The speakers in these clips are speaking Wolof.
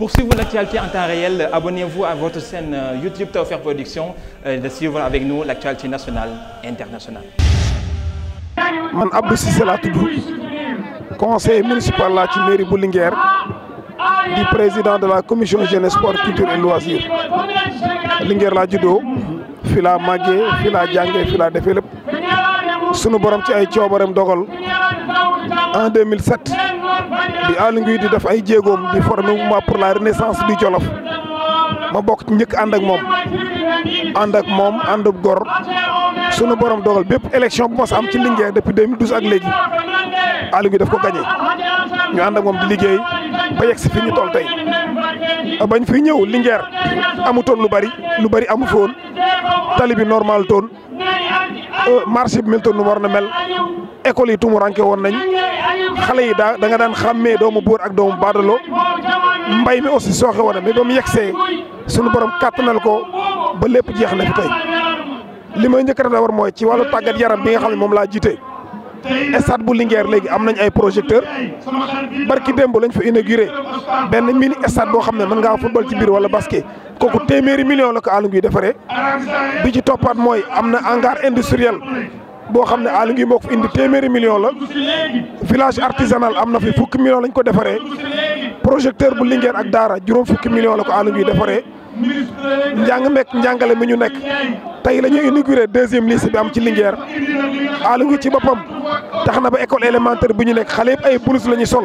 Pour suivre l'actualité en temps réel, abonnez-vous à votre chaîne euh, YouTube Tawfekh Production euh, de suivre avec nous l'actualité nationale et internationale. man Abdou Cissé laa tudd conseiller municipal laa ci mairie bu Linguère di président de la commission jeunesse sport culture et loisirs Linguère la juddoo fi laa màggee fi laa jàngee fi laa defee borom ci ay coobaram dogal. en 2007 bi Aly Ngouille di def ay jéegoom di former mouvement pour la renaissance du Jolof ma bokk njëkk ànd ak moom ànd ak moom ànd ak gor sunu borom dogal bépp élection bu mos am ci Linguère depuis 2012 ak léegi Aly Ngouille daf ko gagné ñu ànd ak moom di liggéey ba yegg si fi ñu toll tey bañ fi ñëw Linguère amutoon lu bari lu bari amu fi woon bi normal toon euh, marché bi mel toon war na mel école yi tumuranke woon nañ. xale yi daa danga daan xàmmee doomu buur ak doomu baadalo mbay mi aussi sooxe woon na mais ba mu yegsee suñu borom kàttanal ko ba lépp jeex na fi tey li may njëkk a war mooy ci wàllu tàggat yaram bi nga xam ne moom laa jiite. stade bu Linguère léegi am nañ ay projecteur barki démb lañ fa inauguré benn mini stade boo xam ne mën ngaa football ci biir wala basket kooku téeméeri million la ko àll ngi defaree bi ci toppaat mooy am na hangar industriel. boo xam ne Aly Ngouille moo ko indi téeméeri million la village artisanal am na fi fukki million lañ ko defaree projecteur bu Linguère ak Daara juróom fukki million la ko Aly Ngouille defaree njàng mekk njàngale mi ñu nekk tey la ñuy inauguré deuxième lycée bi am ci Linguère Aly ngi ci boppam tax na ba école élémentaire bi ñu nekk xale yëpp ay blouse la ñu sol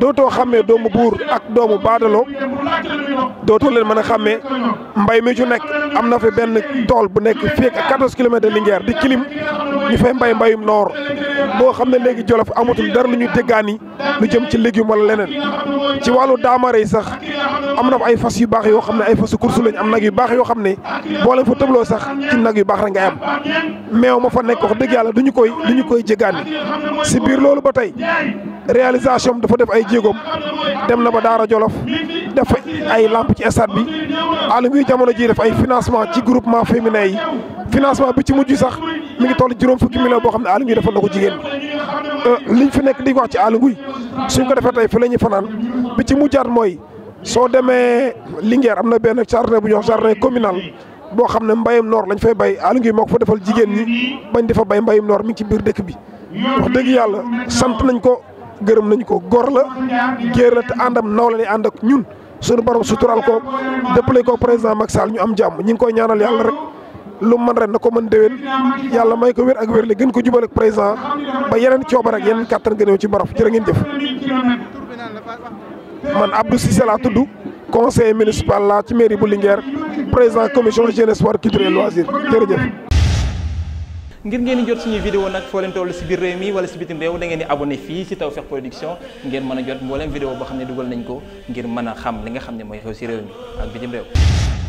dootoo xàmmee doomu buur ak doomu baadalo dootoo leen mën a xàmmee mbay mi ci nekk am na fi benn tool bu nekk fii ak 14 de Linguère di kilim ñu fay mbay mbayum noor boo xam ne léegi jolof amatul dara lu ñu déggaani lu jëm ci légume wala leneen ci wàllu daamare yi sax am na ay fas yu baax yoo xam ne ay fasu course lañ am nag yu baax yoo xam ne boo leen fa tëbloo sax ci nag yu baax rek ngay am meew ma fa nekk wax dëgg yàlla duñu koy du ñu koy jéggaani si biir loolu ba tey réalisation bi dafa def ay jéegoom dem na ba Daara Jolof def ay lamp ci stade bi àll bi jamono ji def ay financement ci groupement féminin mi ngi toll juróom fukki million boo xam ne Aly Ngouille defal na ko jigéen ñi euh, liñ fi nekk di wax ci Aly Ngouille suñ ko defee tey fi la ñuy fanaan bi ci mujjaat mooy soo demee Linguère am na benn jardin bu ñuy wax jardin communal boo xam ne mbayum noor lañ fay bay Aly Ngouille moo ko fa defal jigéen ñi bañ di fa bay mbayum noor mi ngi ci biir dëkk bi wax dëgg yàlla sant nañ ko gërëm nañ ko góor la géer la te àndam naw la ànd ak ñun suñu borom sutural ko dëppale ko président Macky Sall ñu am jàmm ñi ngi koy ñaanal yàlla rek lu man ren na ko man déwén yàlla may ko wér ak wér li gën ko jubal ak président ba yeneen coobar ak yeneen kàttan gën ñëw ci barof jërë ngeen jëf man Abdou Cissé laa tudd conseiller municipal la ci mairie bu Linguère président commission jeunesse sport culture et loisir jërëjëf ngir ngeen di jot suñu vidéo nag foo leen toll si biir réew mi wala si bitim réew da ngeen di abonné fii si Tawfekh Production ngeen mën a jot mbooleem vidéo boo xam ne dugal nañ ko ngir mën a xam li nga xam ne mooy xew si réew mi ak